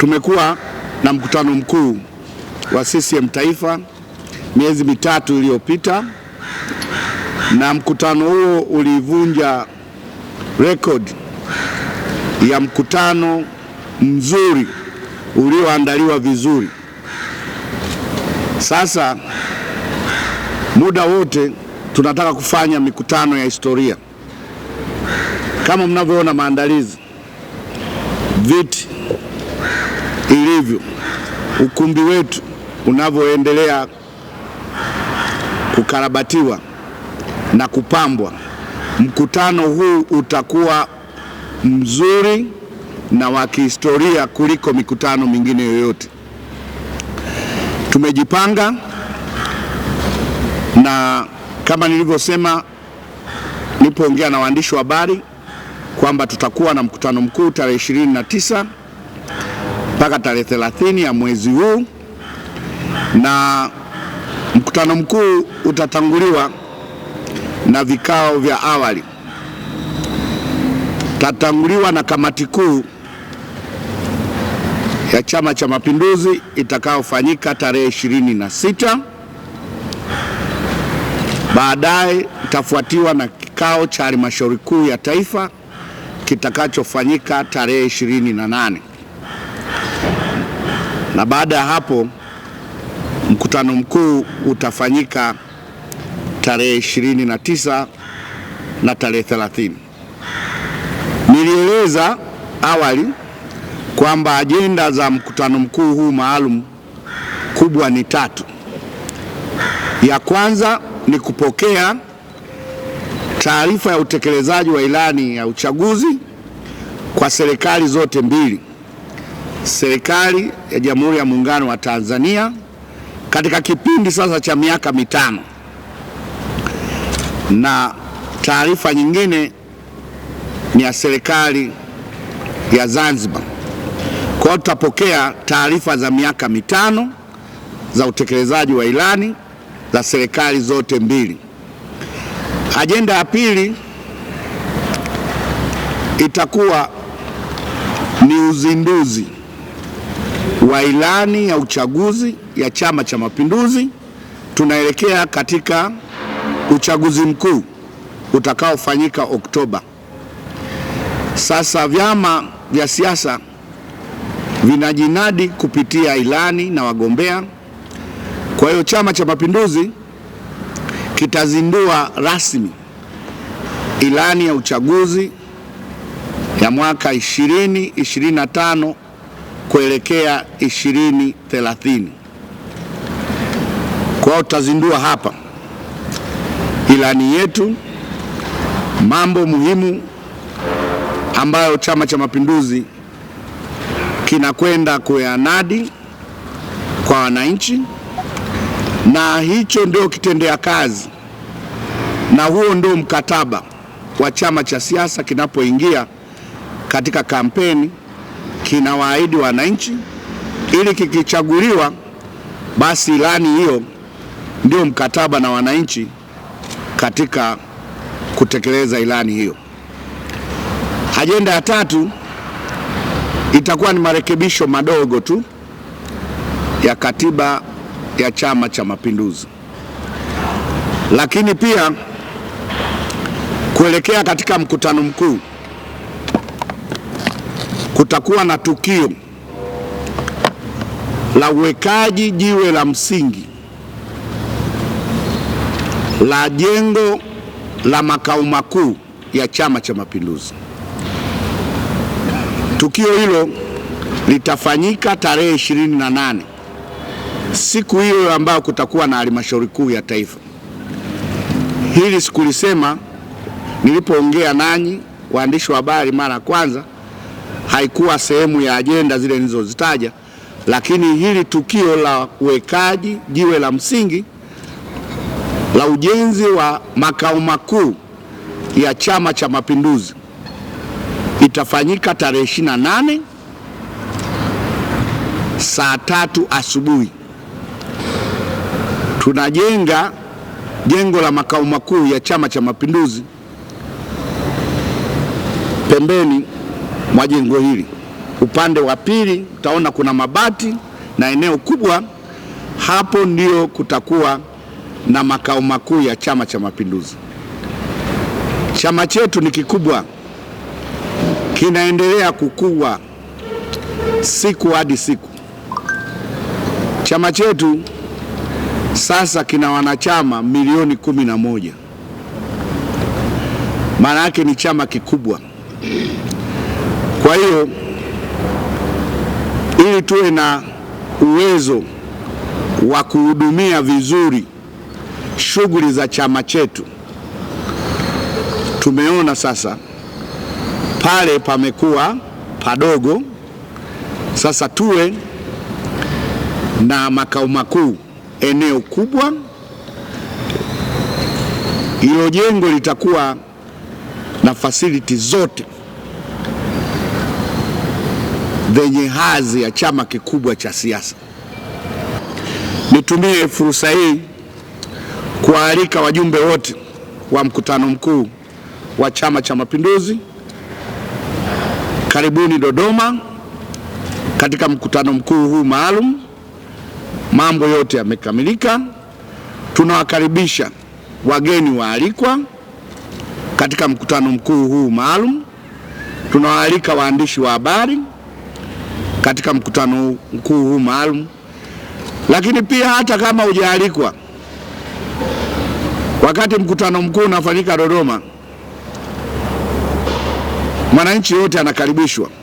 Tumekuwa na mkutano mkuu wa CCM taifa miezi mitatu iliyopita, na mkutano huo ulivunja rekodi ya mkutano mzuri ulioandaliwa vizuri. Sasa muda wote tunataka kufanya mikutano ya historia. Kama mnavyoona maandalizi, viti ilivyo, ukumbi wetu unavyoendelea kukarabatiwa na kupambwa, mkutano huu utakuwa mzuri na wa kihistoria kuliko mikutano mingine yoyote. Tumejipanga na kama nilivyosema nilipoongea na waandishi wa habari kwamba tutakuwa na mkutano mkuu tarehe 29 mpaka tarehe 30 ya mwezi huu, na mkutano mkuu utatanguliwa na vikao vya awali, tatanguliwa na kamati kuu ya Chama cha Mapinduzi itakayofanyika tarehe na sita Baadaye itafuatiwa na kikao cha halmashauri kuu ya taifa kitakachofanyika tarehe na nane na baada ya hapo mkutano mkuu utafanyika tarehe 29 na tarehe 30. Nilieleza awali kwamba ajenda za mkutano mkuu huu maalum kubwa ni tatu. Ya kwanza ni kupokea taarifa ya utekelezaji wa ilani ya uchaguzi kwa serikali zote mbili serikali ya Jamhuri ya Muungano wa Tanzania katika kipindi sasa cha miaka mitano. Na taarifa nyingine ni ya serikali ya Zanzibar. Kwa hiyo tutapokea taarifa za miaka mitano za utekelezaji wa ilani za serikali zote mbili. Ajenda ya pili itakuwa ni uzinduzi wa ilani ya uchaguzi ya Chama cha Mapinduzi, tunaelekea katika uchaguzi mkuu utakaofanyika Oktoba. Sasa vyama vya siasa vinajinadi kupitia ilani na wagombea. Kwa hiyo Chama cha Mapinduzi kitazindua rasmi ilani ya uchaguzi ya mwaka 2025 kuelekea 2030. Kwa tutazindua hapa ilani yetu, mambo muhimu ambayo Chama cha Mapinduzi kinakwenda kuyanadi kwa wananchi, na hicho ndio kitendea kazi na huo ndio mkataba wa chama cha siasa kinapoingia katika kampeni kinawaahidi wananchi ili kikichaguliwa, basi ilani hiyo ndio mkataba na wananchi katika kutekeleza ilani hiyo. Ajenda ya tatu itakuwa ni marekebisho madogo tu ya katiba ya Chama cha Mapinduzi, lakini pia kuelekea katika mkutano mkuu kutakuwa na tukio la uwekaji jiwe la msingi la jengo la makao makuu ya Chama cha Mapinduzi. Tukio hilo litafanyika tarehe na nane siku hiyo ambayo kutakuwa na halmashauri kuu ya taifa. Hili sikulisema nilipoongea nanyi waandishi wa habari mara ya kwanza haikuwa sehemu ya ajenda zile nilizozitaja, lakini hili tukio la uwekaji jiwe la msingi la ujenzi wa makao makuu ya Chama cha Mapinduzi itafanyika tarehe 28 saa tatu asubuhi. Tunajenga jengo la makao makuu ya Chama cha Mapinduzi pembeni mwa jengo hili. Upande wa pili utaona kuna mabati na eneo kubwa hapo, ndio kutakuwa na makao makuu ya Chama cha Mapinduzi. Chama chetu ni kikubwa, kinaendelea kukua siku hadi siku. Chama chetu sasa kina wanachama milioni kumi na moja. Maana yake ni chama kikubwa. Kwa hiyo ili tuwe na uwezo wa kuhudumia vizuri shughuli za chama chetu, tumeona sasa pale pamekuwa padogo. Sasa tuwe na makao makuu eneo kubwa. Hilo jengo litakuwa na fasiliti zote venye hadhi ya chama kikubwa cha siasa. Nitumie fursa hii kuwaalika wajumbe wote wa mkutano mkuu wa Chama cha Mapinduzi, karibuni Dodoma katika mkutano mkuu huu maalum. Mambo yote yamekamilika. Tunawakaribisha wageni waalikwa katika mkutano mkuu huu maalum. Tunawaalika waandishi wa habari katika mkutano mkuu huu maalum, lakini pia hata kama hujaalikwa, wakati mkutano mkuu unafanyika Dodoma, mwananchi yote anakaribishwa.